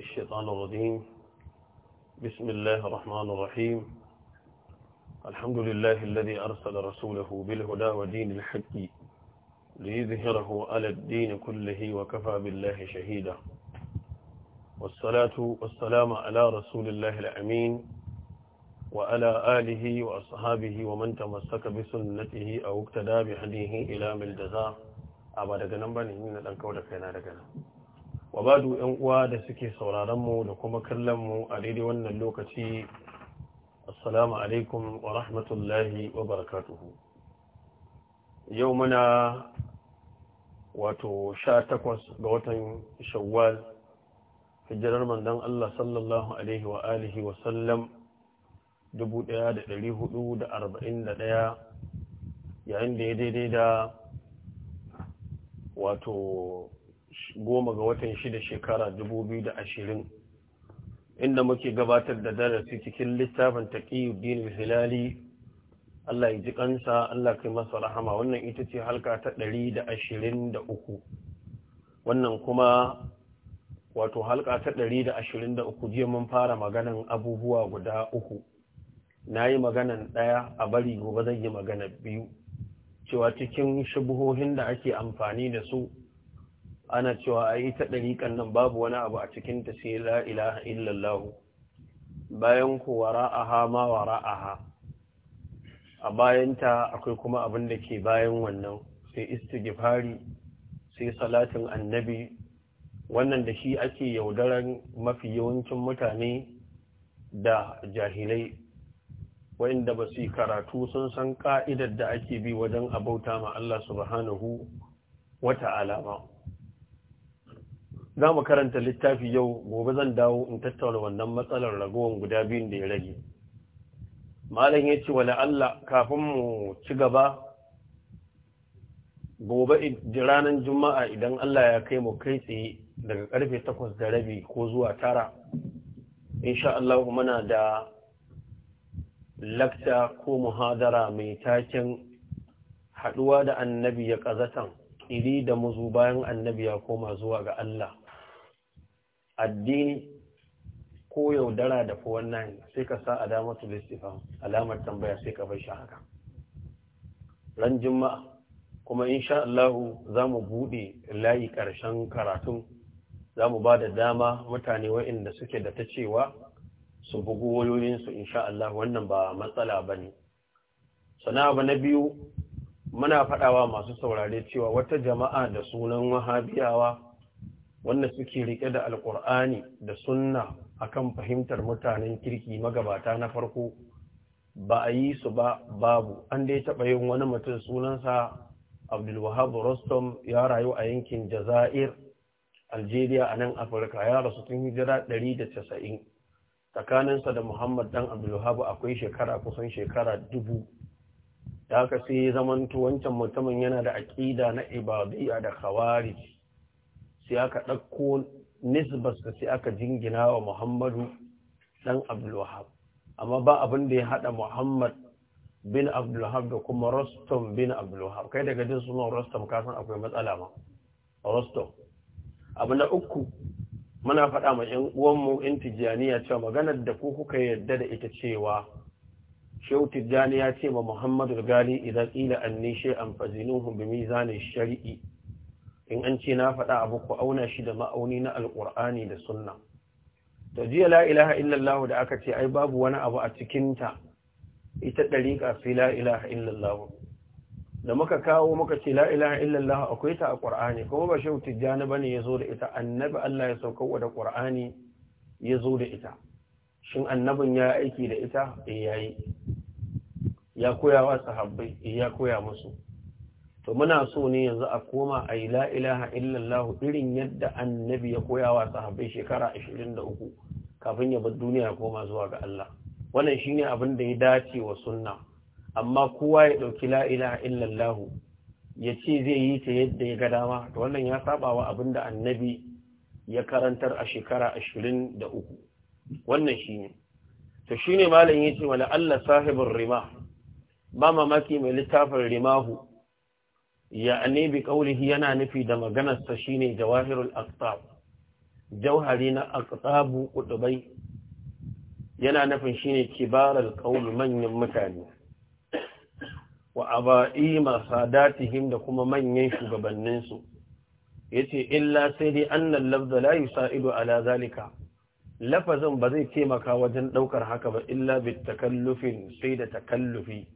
الشيطان الرجيم بسم الله الرحمن الرحيم الحمد لله الذي أرسل رسوله بالهدى ودين الحق ليظهره على الدين كله وكفى بالله شهيدا والصلاة والسلام على رسول الله الأمين وعلى آله وأصحابه ومن تمسك بسنته أو اقتدى بهديه إلى من أبدا جنبا نهينا الأنكور كان رجلا wa badu yan uwa da suke sauraron mu da kuma kallon mu a daidai wannan lokaci assalamu alaikum wa rahmatullahi wa barakatuhu yau muna wato sha takwas ga watan shawwal hijirar mandan Allah sallallahu alaihi wa alihi wa sallam 1441 yayin da ya daidai da wato goma ga watan shida shekara dubu biyu da ashirin inda muke gabatar da darasi cikin littafin din hilali Allah ya ji kansa Allah kai masa rahama wannan ita ce halka ta ɗari da ashirin da uku wannan kuma wato halka ta ɗari da ashirin da uku jiya mun fara maganan abubuwa guda uku na yi maganan ɗaya a bari gobe zan yi magana biyu cewa cikin shubuhohin da ake amfani da su ana cewa a yi ta ɗariƙan nan babu wani abu a cikinta sai la ilaha illallahu bayan ku wara'aha ma ha. a bayanta akwai kuma abin da ke bayan wannan sai istighfari sai salatin annabi wannan da shi ake yaudaran mafi yawancin mutane da jahilai wa'inda ba su karatu sun san ka'idar da ake bi wajen abauta ma Allah subhanahu wa ta'ala ba za mu karanta littafi yau gobe zan dawo in tattauna wannan matsalar ragowar guda biyun da ya rage malam ya ce Wani Allah kafin mu ci gaba gobe ranar juma'a idan Allah ya kai mu kai tsaye daga karfe takwas da rabi ko zuwa tara insha Allah muna da lakta ko muhadara mai taken haɗuwa da annabi ya ƙazatan iri da muzu bayan annabi ya koma zuwa ga Allah addini ko yaudara da fuwan nani sai ka sa alamatu listifam alamar tambaya sai ka bai shi haka ran juma'a kuma insha Allah za mu buɗe layi ƙarshen karatun za mu ba da dama mutane waɗanda suke da ta cewa su bugu wayoyinsu insha Allah wannan ba matsala ba ne sana abu na biyu muna faɗawa masu saurare cewa wata jama'a da sunan wahabiyawa wanda suke riƙe da alƙur'ani da sunna akan fahimtar mutanen kirki magabata na farko ba a yi su ba babu an dai taɓa yin wani mutum sunansa abdulwahab rostom ya rayu a yankin jazair algeria a nan afirka ya rasu tun hijira ɗari da casa'in. tsakaninsa da muhammad dan abdulwahab akwai shekara kusan shekara dubu da haka sai zamantu. wancan mutumin yana da aƙida na ibadiyya da khawarij sai aka ɗauko da sai aka jingina wa muhammadu ɗan abdulwahab amma ba abin da ya haɗa muhammad bin abdulwahab da kuma rostom bin abdulwahab kai daga jin sunan rostom ka san akwai matsala ma rostom abu na uku muna faɗa ma ‘yan uwanmu in tijjaniya cewa maganar da ku kuka yarda da ita cewa shehu tijjani ya ce ma muhammadu gali idan ila an nishe an bi mizanin shari'i in an ce na faɗa abu ku auna shi da ma'auni na alƙur'ani da sunna to jiya la'ilaha ilaha illallah da aka ce ai babu wani abu a cikinta ita ɗari sai la'ilaha illallah da muka kawo muka ce la'ilaha ilaha illallah akwai ta a ƙur'ani kuma ba shehu ba ne ya zo da ita annabi Allah ya sauka da ƙur'ani ya zo da ita shin annabin ya aiki da ita eh, ya yi. ya koya wa sahabbai eh ya koya musu to muna so ne yanzu a koma a yi la'ilaha illallah irin yadda annabi ya koya wa sahabbai shekara 23 kafin ya bar duniya koma zuwa ga Allah wannan shi ne abin da ya dace wa sunna amma kowa ya ɗauki la'ilaha illallah ya ce zai yi ta yadda ya ga dama to wannan ya saba wa abin da annabi ya karantar a shekara 23 wannan shi ne. to ne malam yace wani Allah sahibin rima ba mamaki mai littafin rimahu ya'ani bi qawlihi yana nufi da maganarsa sa shine jawahirul aqtab Jauhari na aqtabu qudubai yana nufin shine kibarar qawl manyan mutane wa aba'i masadatihim da kuma manyan shugabanninsu. Ya yace illa sai dai annan lafza la ido ala zalika lafazin ba zai taimaka wajen ɗaukar haka ba illa bit takallufin sai da takallufi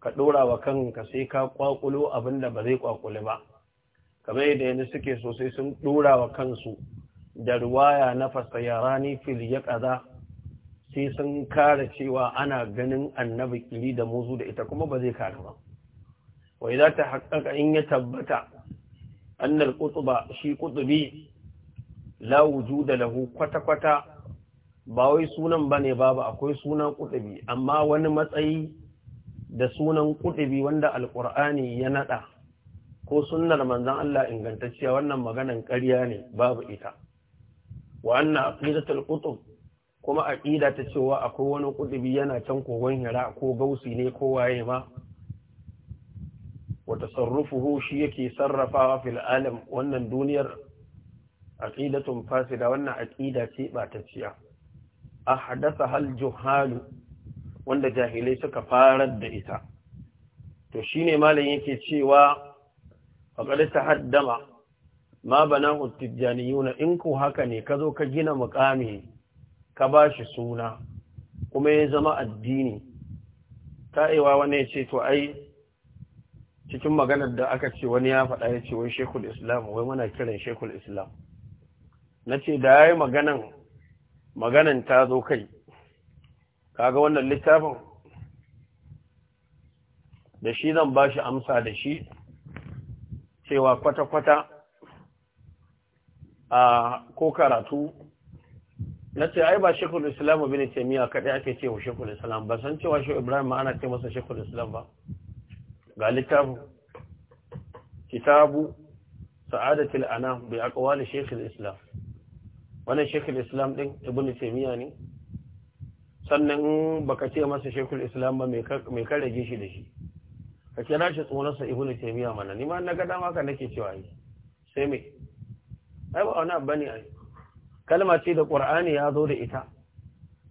ka ɗora wa kanka sai ka kwakulo abin da ba zai kwakuli ba kamar yadda yanzu suke sosai sun ɗora wa kansu da ruwaya na ni fil ya ƙaza sai sun kare cewa ana ganin annabi kiri da muzu da ita kuma ba zai kare ba wai za ta haƙaƙa in ya tabbata annar kutuba shi kutubi la wujuda lahu kwata-kwata ba wai sunan bane babu akwai sunan kutubi amma wani matsayi da sunan kutubi wanda Alƙur'ani ya naɗa. ko sunnar manzon Allah ingantacciya wannan maganan ƙarya ne babu ita wa anna aqidatul qutub kuma aqida ta cewa akwai wani kutubi yana can kogon hira ko gausi ne ko waye ma wa tasarrufuhu shi yake sarrafawa fil alam wannan duniyar aqidatun fasida wannan aqida ce ba ta ciya ahdatha hal juhalu wanda jahilai suka farar da ita to shine malam yake cewa faqad tahaddama ma banahu at in ku haka ne ka zo ka gina mukami ka bashi suna kuma ya zama addini ta'iwa wani ya ce to ai cikin maganar da aka ce wani ya faɗa ya ce wai shekul islam wai muna kiran shekul islam na ce da ya yi maganan ta zo kai kaga wannan littafin da shi zan ba shi amsa da shi cewa kwata-kwata a ko karatu na ce ai ba shekul islamu bin taimiyya kaɗai ake ce wa shekul islam ba san cewa shi ibrahim ana ce masa shekul islam ba ga littafin kitabu sa'adatul anam bi aqwali shekul islam wannan shekul islam din ibn taimiyya ne sannan ba baka ce masa shekul islam ba mai ka rage shi da shi ka kira shi tsoronsa ibnu taymiya mana ni ma na ga dama ka nake cewa yi sai me ai ba wani abani ne ai kalma ce da qur'ani ya zo da ita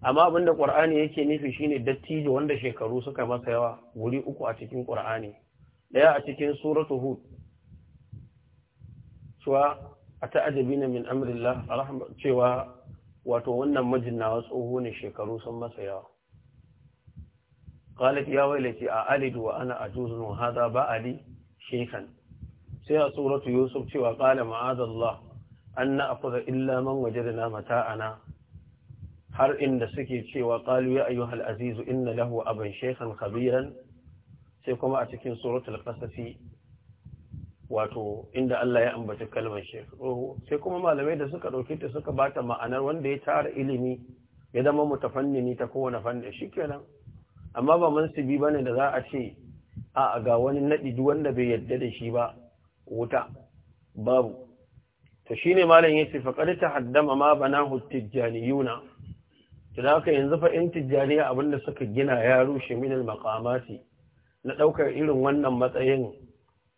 amma abin da qur'ani yake nufi shine dattijo wanda shekaru suka masa yawa guri uku a cikin qur'ani Ɗaya a cikin suratu hud cewa ata'ajabina min amrillah cewa wato wannan mijin nawa tsoho ne shekaru sun masa yawa qalat ya wailati a alidu wa ana ajuzun wa hadha ba ali shekan. sai a suratu yusuf cewa qala ma'azallah an na'khudha illa man wajadna mata'ana har inda suke cewa qalu ya ayyuhal azizu inna lahu aban shaykhan kabiran sai kuma a cikin suratul qasasi wato inda Allah ya ambaci kalmar shekaru sai kuma malamai da suka ɗauki ta suka ba ta ma'anar wanda ya tara ilimi ya zama fannini ta kowane fanni shi kenan amma ba bi ba ne da za a ce a ga wani naɗi duk wanda bai yadda da shi ba wuta babu to shine malam ya ce faƙar ta haddama ma bana tijjaniyuna to da haka yanzu fa in tijjaniya abinda suka gina ya rushe minal maqamati na ɗaukar irin wannan matsayin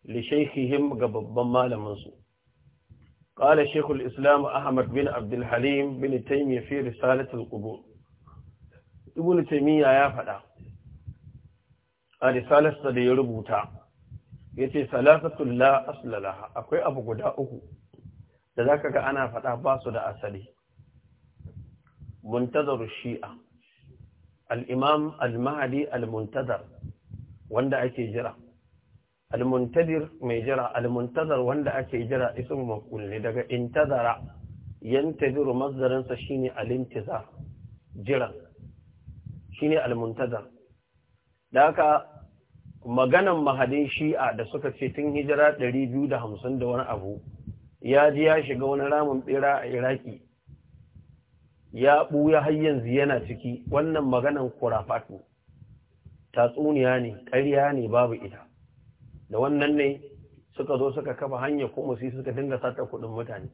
لشيخهم قبب مالم قال شيخ الإسلام أحمد بن عبد الحليم بن تيمية في رسالة القبور ابن تيمية يا فلا رسالة صدي ربوتا يتي ثلاثة لا أصل لها أكوي أبو قداؤه لذلك أنا فلا باسد أسلي منتظر الشيعة الإمام المهدي المنتظر وندعك جرى almuntadir mai jira almuntazar wanda ake jira isin maf'ul ne daga intazara yantaziru mazdarin sa shine alintizar jira shine almuntazar da haka maganan mahadin shi'a da suka ce tun hijira 250 da wani abu ya ji ya shiga wani ramin bera a iraki ya ɓuya har yanzu yana ciki wannan maganan kurafatu tatsuniya ne ƙarya ne babu ita da wannan ne suka zo suka kafa hanya kuma sai suka dinga sata kuɗin mutane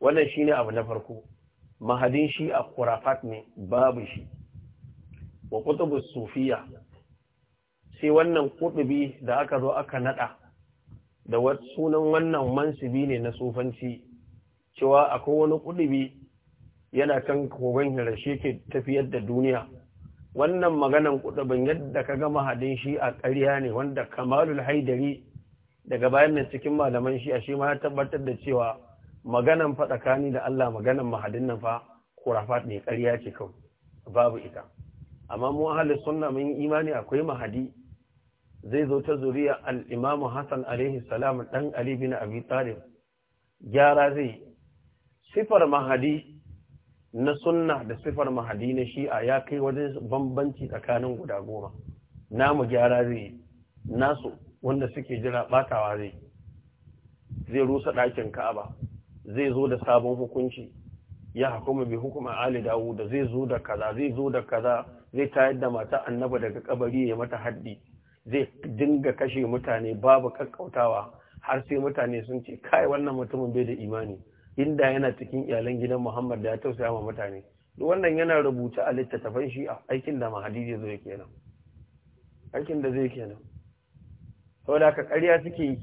wannan shine abu na farko mahadin shi a kurafat ne babu shi wa kutubus sufiya sai wannan kutubi da aka zo aka nada da sunan wannan mansibi ne na sufanci cewa akwai wani kutubi yana kan kogon hirashi ke tafiyar da duniya wannan maganan ban yadda ka gama hadin shi a ƙarya ne wanda kamalul haidari daga bayan nan cikin malaman shi a shi ma ya tabbatar da cewa maganan fa tsakani da Allah maganan mahadin nan fa kurafat ne ƙarya ce kawai babu ita amma mu ahli sunna mun imani akwai mahadi zai zo ta zuriya al-Imam Hassan alaihi salam dan Ali bin Abi Talib gyara zai sifar mahadi na sunna da sifar mahadi na shi'a ya kai wajen bambanci tsakanin guda goma namu gyara zai nasu wanda suke jira batawa zai zai rusa ɗakin ka'aba zai zo da sabon hukunci ya hukuma bi hukuma ali da zai zo da kaza zai zo da kaza zai tayar da mata annaba daga kabari ya mata haddi zai dinga kashe mutane babu kakkautawa har sai mutane sun ce kai wannan mutumin bai da imani inda yana cikin iyalan gidan Muhammad da ya tausaya ma mutane duk wannan yana rubuta a littattafan shi a aikin da mahadi zai kenan aikin da zai kenan saboda ka ƙarya suke yi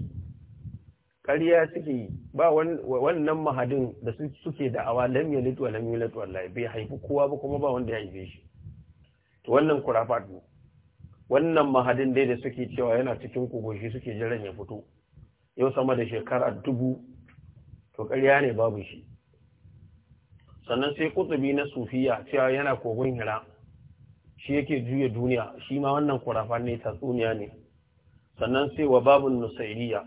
ƙarya suke yi ba wannan mahadin da suke da awa lam yalid wa lam yulad wallahi bai haifi kowa ba kuma ba wanda ya haife shi to wannan kurafat ne wannan mahadin dai da suke cewa yana cikin kogoshi suke jiran ya fito yau sama da shekara dubu to ƙarya ne babu shi sannan sai kutubi na sufiya cewa yana kogon hira shi yake juya duniya shi ma wannan kurafa ne tatsuniya ne sannan sai wa babu nusairiya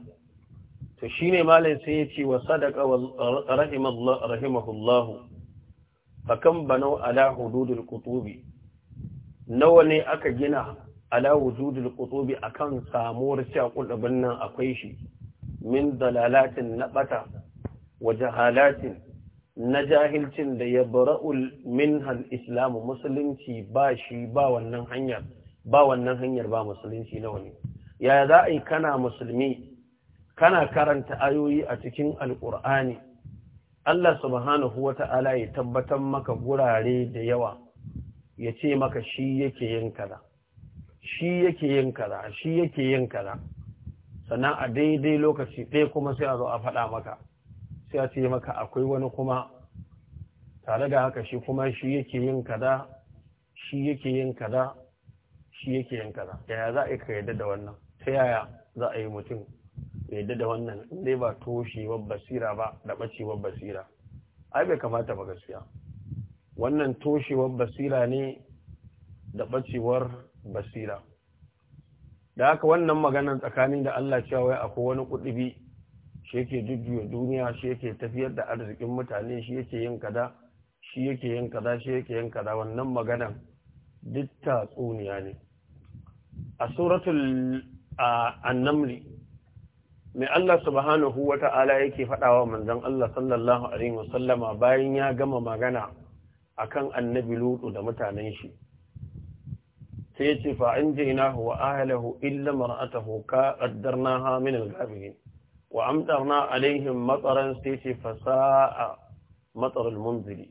to ne malam sai ya ce wa sadaqa wa rahimahullahu kan banau ala hududul qutubi nawa ne aka gina ala wujudul qutubi akan samuwar cewa kudubin nan akwai shi min dalalatin nabata Waje jahalatin na jahilcin da ya bara'ul minhal islamu musulunci ba shi ba wannan hanyar ba wannan hanyar ba musulunci na wani yaya za a yi kana musulmi kana karanta ayoyi a cikin alƙur'ani Allah subhanahu wa ta'ala ya tabbatar maka gurare da yawa ya ce maka shi yake yin kaza shi yake yin kaza shi yake yin kaza sannan a daidai lokaci ɗaya kuma sai a zo a faɗa maka sai a ce maka akwai wani kuma tare da haka shi kuma shi yake yin kada, shi yake yin kada, shi yake yin kada. yaya za a ka yadda da wannan ta yaya za a yi mutum yadda da wannan inda ba toshewar basira ba da wa basira ai bai kamata ba gaskiya wannan toshewar basira ne da ɓacewar basira da haka wannan maganar tsakanin da Allah cewa akwai wani bi? shi yake jujjuya duniya shi yake tafiyar da arzikin mutane shi yake yin kada, shi yake yin kada, shi yake yin kada. wannan maganan duk tatsuniya ne a suratul annamli mai Allah subhanahu wa ta'ala yake faɗawa manzon Allah sallallahu alaihi wasallama bayan ya gama magana akan annabi lutu da mutanen shi sai ya ce fa'in jina wa ahalahu illa mar'atahu ka qaddarnaha min al-ghabirin wa amtarna alaihim matsaran sai ce fasa'a matsarar munziri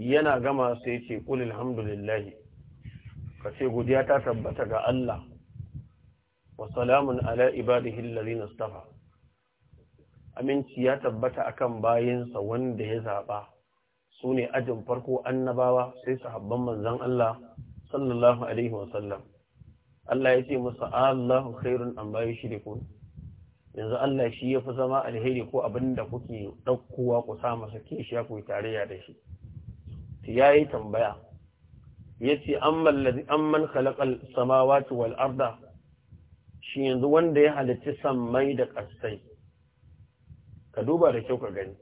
yana gama sai ce kul alhamdulillahi ka ce godiya ta tabbata ga Allah wa salamun ala ibadihi alladhina istafa aminci ya tabbata akan bayinsa wanda ya zaba Sune ajin farko annabawa sai sahabban manzon Allah sallallahu Alaihi sallam. Allah ya ce musu allahu khairun an bayi shirikun. yanzu Allah shi ya fi zama alheri ko abin da kuke ɗaukowa ku sa masa kishiya ku tarayya da shi ya yi tambaya ya ce an man khalaqal samawati wal arda shi yanzu wanda ya halitta sammai da ƙasai ka duba da kyau ka gani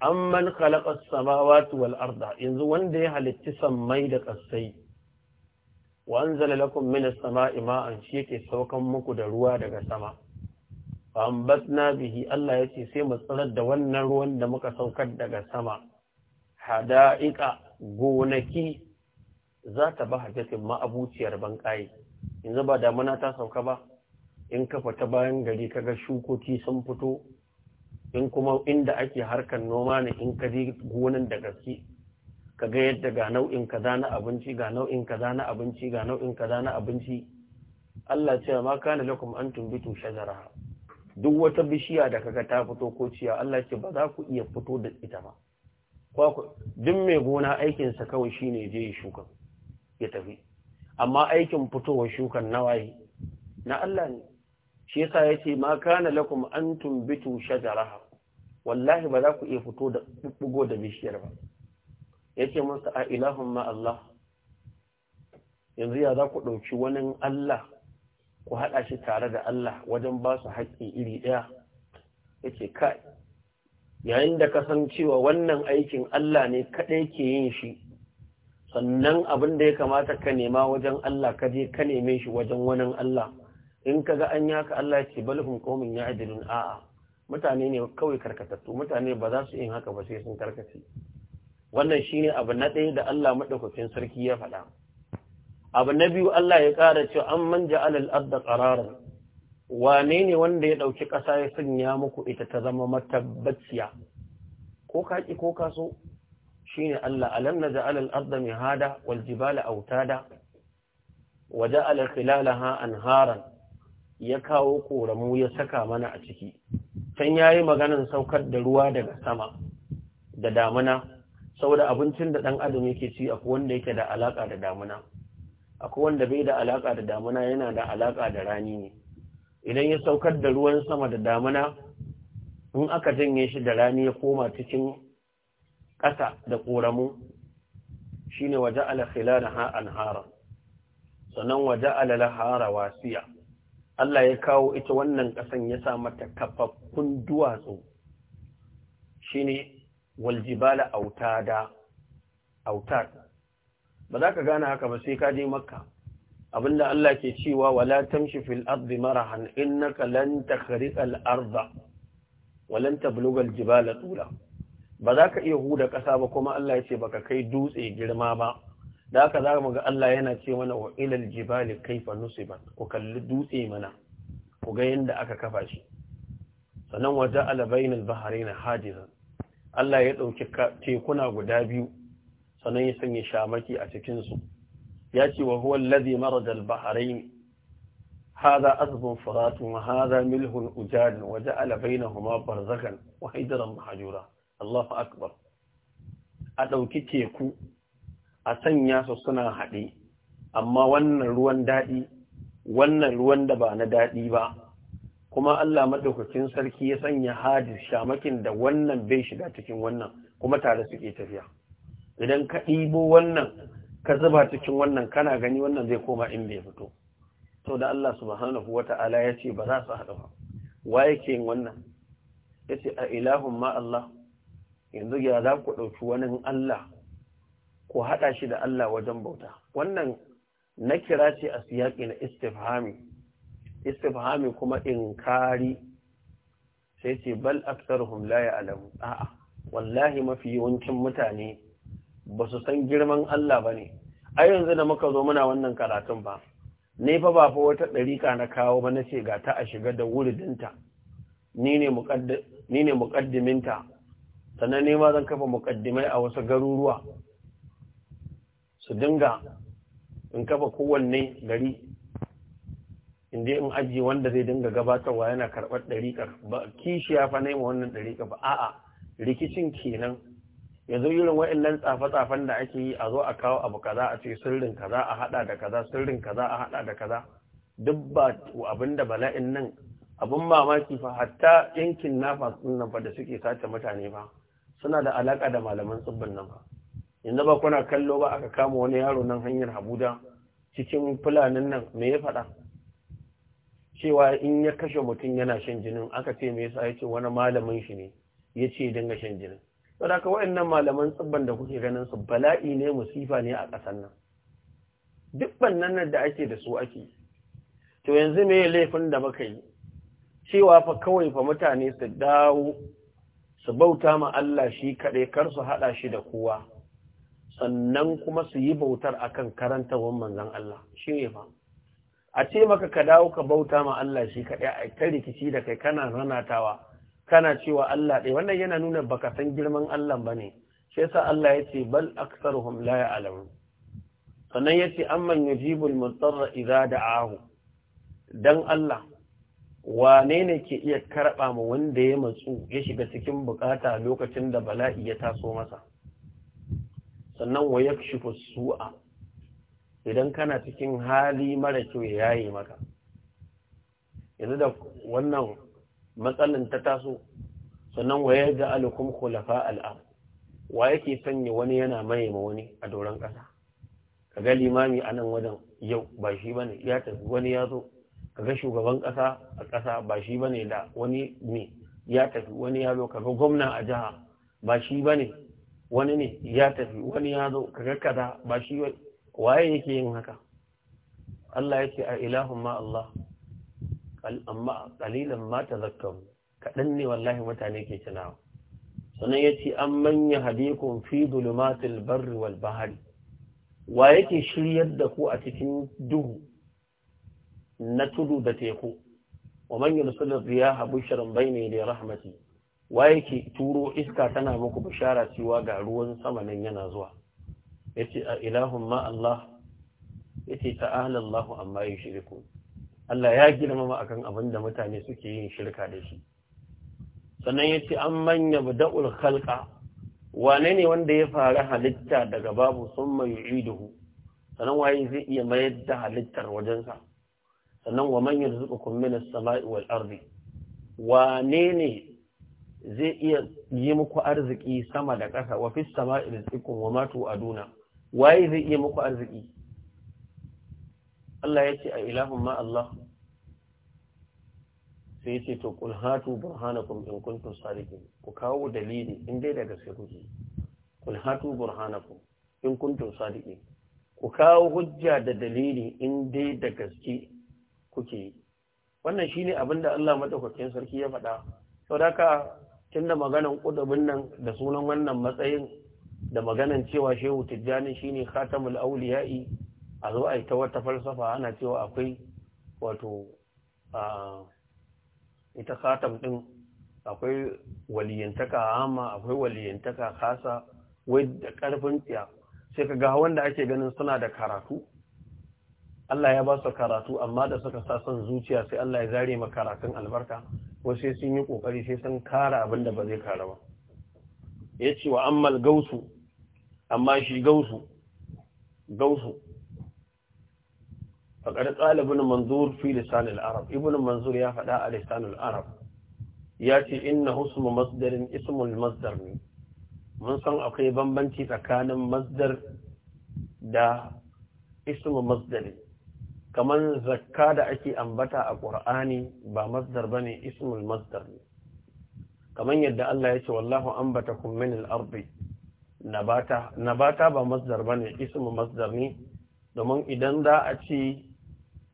an man khalaqas samawati wal arda yanzu wanda ya halitta sammai da ƙasai wa anzala lakum minas sama'i ma'an shi yake saukan muku da ruwa daga sama bihi Allah ya ce sai به da wannan wannan ruwan muka saukar saukar sama. sama حدائق gonaki za ta ba hajjatin ma'abuciyar In yanzu ba damuna ta sauka ba in ka ta bayan gari kaga shukoki sun fito in kuma inda ake harkar noma ne in ka gonan da gaske kaga yadda ga nau'in kaza na abinci ga nau'in kaza na abinci ga nau'in kaza na abinci Allah ce ma kana lakum an tumbitu shajara duk wata bishiya da kaga ta fito ko ciya Allah ce ba za ku iya fito da ita ba duk mai gona aikinsa kawai shine je ya shuka ya tafi amma aikin fitowa shukan nawaye na Allah ne shi yasa yace ma kana lakum antum bitu shajaraha wallahi ba za ku iya fito da bubbugo da bishiyar ba yace masa a ilahumma Allah yanzu ya za ku dauki wani Allah ku haɗa shi tare da Allah wajen ba su haƙƙi iri ɗaya Yake kai yayin da ka san cewa wannan aikin Allah ne kaɗai ke yin shi sannan abin da ya kamata ka nema wajen Allah ka je ka neme shi wajen wani Allah in ka ga an yaka Allah ya ce balhum qaumin ya'dilun a'a mutane ne kawai karkatattu mutane ba za su yin haka ba sai sun karkace wannan shine abu na ɗaya da Allah madaukakin sarki ya faɗa abu na biyu Allah ya ƙara cewa an manja alal adda qararan wane ne wanda ya ɗauki ƙasa ya sanya muku ita ta zama matabbaciya ko kaki ko kaso shine Allah alam naj'al al-ardha mihada wal jibala autada wa ja'ala khilalaha anharan ya kawo koramu ya saka mana a ciki can yayi maganan saukar da ruwa daga sama da damuna saboda abincin da ɗan adam yake ci akwai wanda yake da alaka da damuna akwai wanda bai da alaka da damuna yana da alaka da rani ne idan ya saukar da ruwan sama da damuna in aka janye shi da rani ya koma cikin ƙasa da ƙoramu shine waje ala khilalaha anhara sannan waje ala lahara wasiya Allah ya kawo ita wannan ƙasan ya sa mata kafaffun duwatsu shine waljibala autada autada ba za ka gane haka ba sai ka je makka abinda Allah ke cewa wala tamshi fil ardi marahan innaka lan takhriqa al arda wa lan al jibala tula ba za ka iya huda ƙasa ba kuma Allah ya ce baka kai dutse girma ba da haka zamu ga Allah yana ce mana wa ilal jibali kaifa ba, ku kalli dutse mana ku ga yadda aka kafa shi sannan waje alabain albaharin hajizan Allah ya ɗauki tekuna guda biyu sannan ya sanya shamaki a cikinsu ya ce wa huwa lazi marajal bahrain haza azbun furatun wa hadha milhun ujad wa ja'ala huma barzakan wa hijran mahjura Allahu akbar a ɗauki teku a sanya su suna haɗe amma wannan ruwan daɗi wannan ruwan da ba na daɗi ba kuma Allah madaukakin sarki ya sanya hadis shamakin da wannan bai shiga cikin wannan kuma tare suke tafiya idan ka ɗibo wannan ka zuba cikin wannan kana gani wannan zai koma in bai fito to da Allah subhanahu wata'ala ya ce ba za su haɗu ba wa yake yin wannan ya ce a ilahun ma Allah yanzu ya za ku ɗauki wani Allah Ko haɗa shi da Allah wajen bauta wannan na kira ce a siyaƙi na istifhami istifhami kuma inkari sai ce bal aktaruhum la alamu a'a wallahi mafi yawancin mutane ba su san girman Allah ba ne ai yanzu da muka zo muna wannan karatun ba ne fa ba fa wata ɗarika na kawo ba na ce ga ta a shiga da wuridinta ni ne muƙaddiminta sannan ne ma zan kafa muƙaddimai a wasu garuruwa su dinga in kafa kowanne gari inda in aji wanda zai dinga gabatarwa yana karɓar ɗarikar ba kishi ya fa nema wannan ɗarikar ba a'a rikicin kenan yanzu irin wa'annan tsafe-tsafen da ake yi a zo a kawo abu kaza a ce sirrin kaza a hada da kaza sirrin kaza a hada da kaza duk ba abinda bala'in nan abin mamaki fa hatta yankin nafa nan fa da suke sace mutane fa suna da alaka da malaman tsibbin nan fa yanzu ba kuna kallo ba aka kama wani yaro nan hanyar habuda cikin fulanin nan me ya faɗa cewa in ya kashe mutum yana shan jinin aka ce me yasa ya ce wani malamin shi ne ya ce dinga shan jinin saboda waɗannan malaman tsibban da kuke ganin su bala'i ne musifa ne a ƙasar nan duk bannan da ake da su ake to yanzu me laifin da muka yi cewa fa kawai fa mutane su dawo su bauta ma Allah shi kaɗai kar su haɗa shi da kowa sannan kuma su yi bautar akan karantawan manzon Allah shi ne fa a ce maka ka dawo ka bauta ma Allah shi kaɗai a ta rikici da kai kana ranatawa kana cewa Allah ɗaya wannan yana nuna baka san girman Allah ba ne shi sa Allah ya ce bal aksaruhum ya alamu. sannan ya ce an amman da mutarra da ahu, dan Allah wane ne ke iya karɓa ma wanda ya matsu ya shiga cikin bukata lokacin da bala'i ya taso masa sannan wa shi su'a idan kana cikin hali mara kyau ya yi maka yanzu da wannan matsalan ta taso sannan wa ya ga alukum khulafa al'am wa yake sanya wani yana maye ma wani a doron ƙasa kaga limami a nan wajen yau ba shi bane ya tafi wani ya zo kaga shugaban ƙasa a ƙasa ba shi bane da wani ne ya tafi wani ya zo kaga gwamna a jiha ba shi bane wani ne ya tafi wani ya zo kaga kaza ba shi waye yake yin haka Allah ya ce a ilahun ma Allah kalilan qalilan ma tazakkaru Kaɗan ne wallahi mutane ke tunawa sannan yace amman yahdikum fi dhulumatil barri wal bahari wa yake shiryar da ku a cikin duhu na tudu da teku wa man yursilu riyaha bushran ne da rahmati wa yake turo iska tana muku bishara cewa ga ruwan sama nan yana zuwa ce a ilahun ma Allah yace ta'ala Allah amma yushriku Allah ya girmama akan abin da mutane suke yin shirka da shi sannan ya ce an manya bada'ul khalqa wane ne wanda ya fara halitta daga babu sun mai yu'iduhu sannan waye zai iya mayar da halittar wajensa sannan wa manya da min as-sama'i wal ardi wane ne zai iya yi muku arziki sama da ƙasa wa fi sama'i rizqukum wa a duna waye zai iya muku arziki Allah ya ce a ilahun ma Allah sai ce to kul hatu burhanakum in kuntum sadiqin ku kawo dalili in dai da gaske kuke kul hatu burhanakum in kuntum sadiqin ku kawo hujja da dalili in dai da gaske kuke wannan shine abin da Allah madaukakin sarki ya faɗa saboda tun tunda maganan kudubin nan da sunan wannan matsayin da maganan cewa shehu tijjani shine khatamul awliya'i a zo a yi ta wata falsafa ana cewa akwai wato ita katam ɗin akwai waliyantaka hama akwai waliyantaka kasa wai da karfin tsiya sai ka ga wanda ake ganin suna da karatu Allah ya ba su karatu amma da suka sa son zuciya sai Allah ya zare ma karatun albarka sai sun yi kokari sai sun kara abin da ba zai kara ba ya ce wa ammal gausu amma shi gausu gausu faƙar ƙalibin manzur fi lisanil arab ibn manzur ya faɗa a lisanil arab ya ce inna husmu masdarin ismul masdar ne mun san akwai bambanci tsakanin masdar da ismu masdari kamar zakka da ake ambata a ƙur'ani ba masdar ba ne ismul masdar ne kamar yadda Allah ya ce wallahu ambata kun min al'arbi nabata nabata ba masdar ba ne ismu masdar ne domin idan za a ce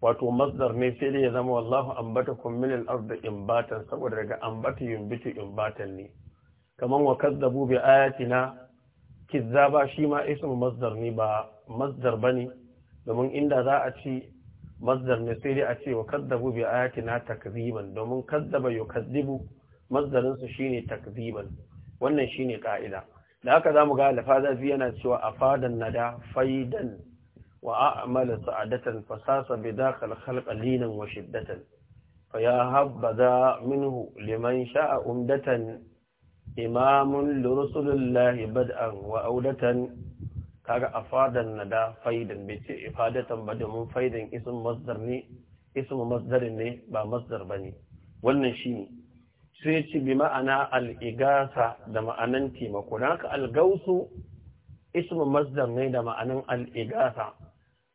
wato masdar ne sai dai ya zama wallahu ambatakum min al-ardi imbatan saboda daga ambata yumbitu imbatan ne kaman wa kazzabu bi ayatina kizzaba shi ma ismu masdar ne ba masdar bane domin inda za a ci masdar ne sai dai a ce wa kazzabu bi ayatina takziban domin kazzaba yukazzibu masdarin su shine takziban wannan shine ka'ida da haka zamu ga alfaza yana cewa afadan nada faidan وأعمل سعادة فساس بداخل الخلق لينا وشدة فيا هب منه لمن شاء أمدة إمام لرسول الله بدءا وأودة كار أفادا ندا فيدا إفادة بدء من فيدا اسم مصدر اسم مصدر ني با مصدر بني والنشيني سيتي بمعنى الإغاثة دم أننتي مكناك الغوث اسم مصدر ني دم أنن الإغاثة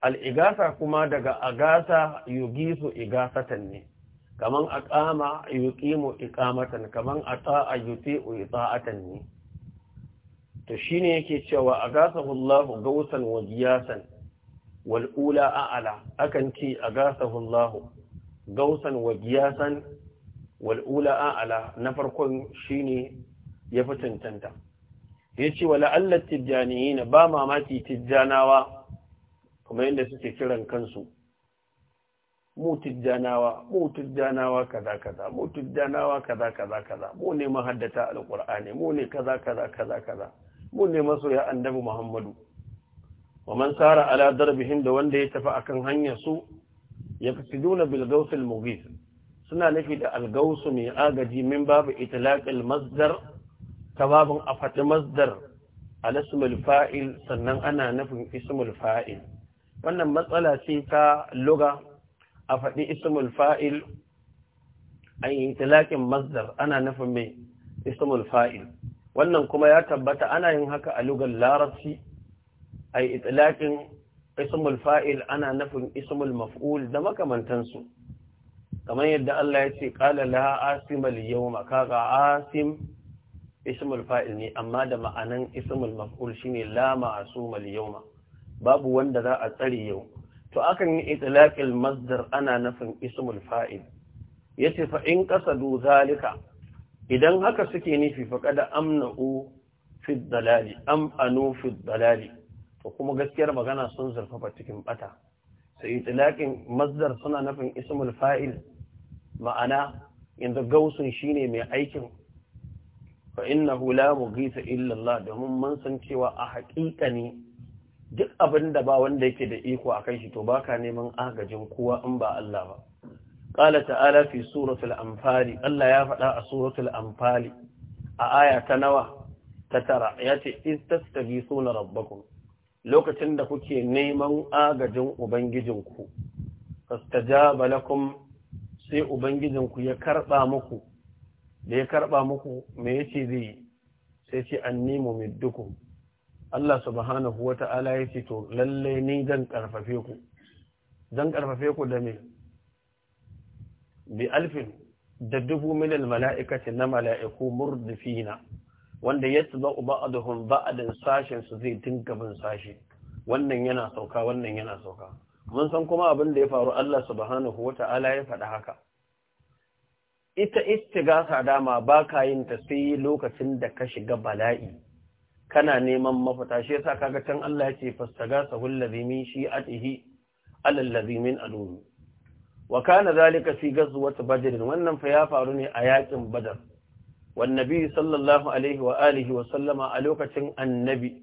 al'igasa kuma daga agasa yugisu igasatan ne kamar a kaman aqama kamar a ta'a ata'a yuti'u ita'atan ne to ne yake cewa agasahu Hullahu gausan wa giyasan wal ula a'ala akan ce agasahu Hullahu gausan wa giyasan wal ula a'ala na farkon shi ne ya fi ce, yace wala allat tijaniyin ba mamaki tijjanawa Kuma yadda suke kiran kansu Mutujjanawa. Mutujjanawa kaza kaza Mutujjanawa kaza kaza kaza mu ne mahaddata alqur'ani mu ne kaza kaza kaza kaza mu ne masoya annabi muhammadu wa man sara ala darbihim da wanda ya tafi akan hanyar su yafsiduna bil gawsil mughith suna nufi da algausu mai agaji min babu itilaqil masdar ta babun afati masdar al ismul fa'il sannan ana nufin ismul fa'il wannan matsala ce ta luga a faɗi ismul fa'il an yi talakin masdar ana nufin mai ismul fa'il wannan kuma ya tabbata ana yin haka a lugar larabci a yi talakin ismul fa'il ana nufin ismul maf'ul da makamantansu kamar yadda Allah ya ce ƙala laha asimal yau makaga asim ismul fa'il ne amma da ma'anan ismul maf'ul shine la yau ma. babu wanda za a tsare yau to akan yi itlaqil masdar ana nufin ismul fa'il yace fa in qasadu zalika idan haka suke nufi fa kada amna'u fi dalali am anu fi dalali to kuma gaskiyar magana sun zurfafa cikin bata sai itlaqin masdar suna nufin ismul fa'il ma'ana inda gausun shine mai aikin fa innahu la mughitha illa Allah domin mun san cewa a haƙiƙa ne duk abin da ba wanda yake da iko a kan shi to ba ka neman agajin kowa in ba Allah ba. Ƙala ta'ala fi suratul amfali, Allah ya faɗa a suratul amfali a aya ta nawa ta tara ya ce, "Is tattabi suna rabbakun, lokacin da kuke neman agajin Ubangijinku, ja balakun sai Ubangijinku ya karɓa muku, da ya karɓa muku me yace zai sai ce an nemo mai dukun Allah subhanahu ta'ala ya ce to lalle ni zan karfafe ku zan karfafe ku da me bi alfin da dubu milal mala'ikati na mala'iku murdifina wanda yatba'u ba'dhum ba'adin sashen su zai dinga bin sashe. wannan yana sauka wannan yana sauka mun san kuma abin da ya faru Allah subhanahu ta'ala ya faɗa haka ita istigasa dama ba ka yin ta sai lokacin da ka shiga bala'i kana neman mafita shi yasa kaga can Allah yake fastagasa wallazi min shi'atihi alallazi min adumi wa kana zalika fi ghazwat badr wannan fa ya faru ne a yakin badar wan nabi sallallahu alaihi wa alihi wa sallama a lokacin annabi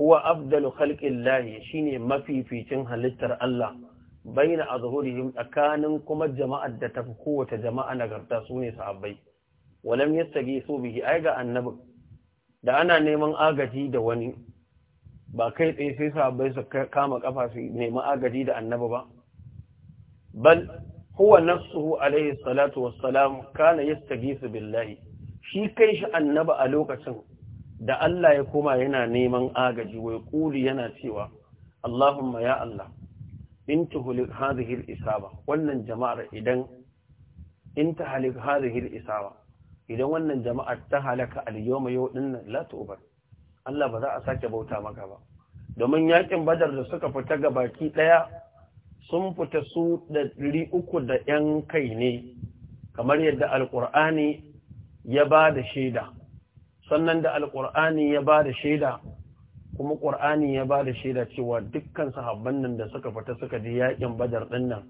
huwa afdalu khalqillahi shine mafificin halittar Allah baina azhurihim tsakanin kuma jama'ar da tafi kowace jama'a nagarta sune sahabbai walam yastagisu bihi ai ga annabin da ana neman agaji da wani ba kai tsaye sai sahabbai su kama kafa su nemi agaji da annabi ba bal huwa nafsuhu alaihi salatu wassalam kana yastaghisu billahi shi kai shi annabi a lokacin da Allah ya koma yana neman agaji wai kuli yana cewa Allahumma ya Allah in tuhlik hadhihi al-isaba wannan jama'ar idan in tahlik hadhihi al-isaba idan wannan jama'a ta halaka al-yawma yau din nan la tu'bar Allah ba za a sake bauta maka ba domin yakin badar da suka fita ga baki daya sun fita su da uku da yan kai ne kamar yadda al al-Qur'ani ya bada da shaida sannan da al al-Qur'ani ya bada da shaida kuma qur'ani ya bada da shaida cewa dukkan sahabban nan da suka fita suka je yakin badar din nan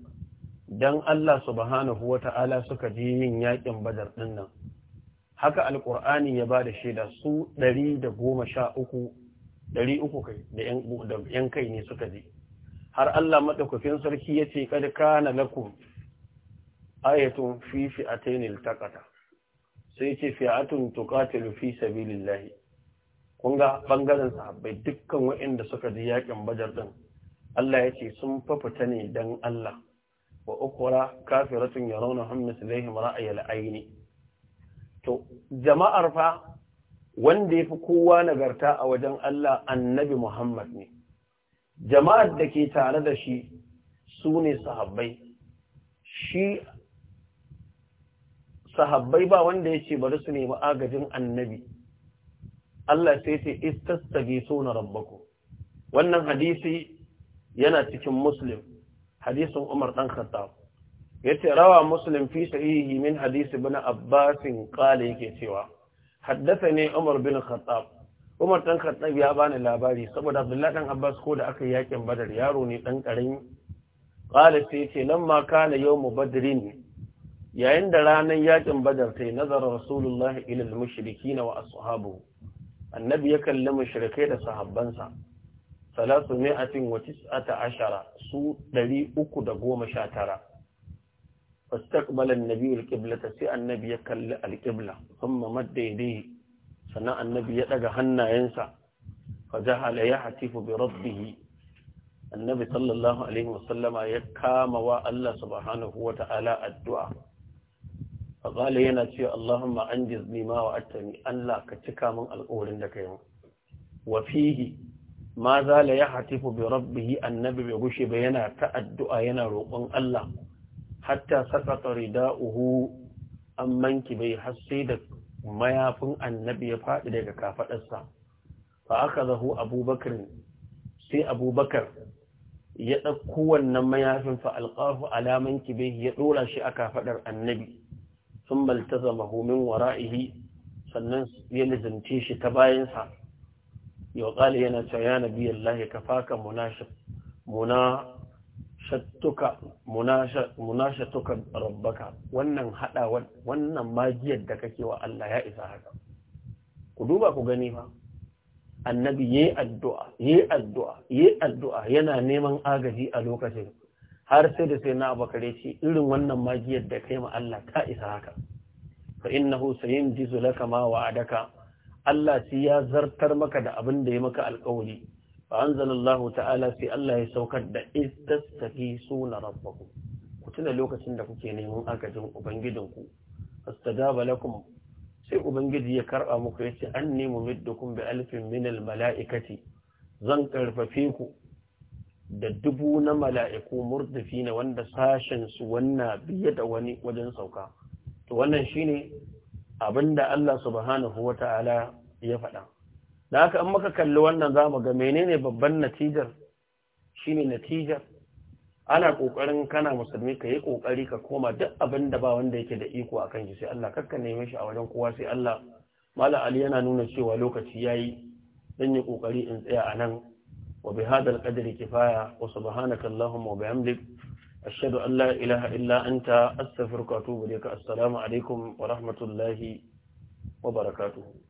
dan Allah subhanahu wata'ala suka je yin yakin badar din nan haka alkur'ani ya ba da shaida su ɗari da goma sha uku ɗari uku kai da ‘yan kai ne suka je har Allah maɗaukakin sarki ya ce kada kana lakum ayatun fi fi'atain iltaqata sai ce fi'atun tuqatilu fi sabilillah kun ga bangaren sahabbai dukkan waɗanda suka ji yakin badar din Allah ya ce sun fita ne dan Allah wa ukura kafiratun yarawna hum mislaihim ra'ayal ayni to jama'ar fa wanda ya fi kowa nagarta a wajen Allah annabi Muhammad ne jama'ar da ke tare da shi su ne sahabbai shi sahabbai ba wanda ya ce bari su nemi agajin annabi Allah sai ce istastagisu na rabbaku wannan hadisi yana cikin muslim hadisin Umar dan Khattab yace rawa muslim fi sahihi min hadisi ibn abbas qala yake cewa haddathani umar bin khattab umar dan khattab ya bani labari saboda abdullahi dan abbas ko da aka yakin badar yaro ne dan karami qala sai yace lamma kana yawm badrin yayin da ranar yakin badar sai nazarar rasulullah ila al-mushrikin wa ashabu annabi ya kalli mushrikai da sahabbansa salatu mi'atin ashara su 319 فاستقبل النبي القبلة سي النبي يكل القبلة ثم مد يديه سنا النبي يدغ هنا ينسى فجعل يعتف بربه النبي صلى الله عليه وسلم يكام الله سبحانه وتعالى الدعاء فقال ينا تي اللهم انجز لي ما وعدتني الله كتكا من القولين da kai وفيه ما زال يعتف بربه النبي بغشي بينا تأدعى ينا روقن الله hatta sakata rida'uhu an manki bai har sai da mayafin annabi ya faɗi daga kafaɗarsa fa aka zahu abubakar sai abubakar ya ɗauko wannan mayafin fa alƙafu alaman kibe ya ɗora shi a kafaɗar annabi sun baltaza mahomin wara'ihi sannan ya lizance shi ta bayansa yau ƙali yana cewa ya nabi Allah ka faka munafik muna shattuka munashatuka rabbaka wannan hadawar wannan magiyar da kake wa Allah ya isa haka ku duba ku gani fa annabi yayi addu'a yayi addu'a yayi addu'a yana neman agaji a lokacin har sai da sai na abakare ce irin wannan magiyar da kai ma Allah ka isa haka fa innahu sayinjizu laka ma wa'adaka Allah sai ya zartar maka da abin da ya maka alƙawari ta'ala sai Allah فأنزل الله تعالى في الله يسوكر دا إذ تستغيثون ربكم كتنا لوكا سندكو كينيهم أكجم أبنجدنكو استجاب لكم sai Ubangiji ya karɓa muku ya ce an nemo middukun bi alfin minal mala'ikati zan ƙarfafe ku da dubu na mala'iku murdafi na wanda sashen su wanna biya da wani wajen sauka. To wannan shi ne abinda Allah subhanahu wa ta'ala ya faɗa. da haka in kalli wannan zama mu ga menene babban natijar shine natijar ana ƙoƙarin kana musulmi ka yi ƙoƙari ka koma duk abin da ba wanda yake da iko a kan shi sai Allah kakka neme shi a wajen kowa sai Allah malam Ali yana nuna cewa lokaci yayi dan yi ƙoƙari in tsaya a nan wa bi hadal qadri kifaya wa subhanaka allahumma wa bihamdik ashhadu an la ilaha illa anta astaghfiruka wa atubu ilaik assalamu alaikum wa rahmatullahi wa barakatuh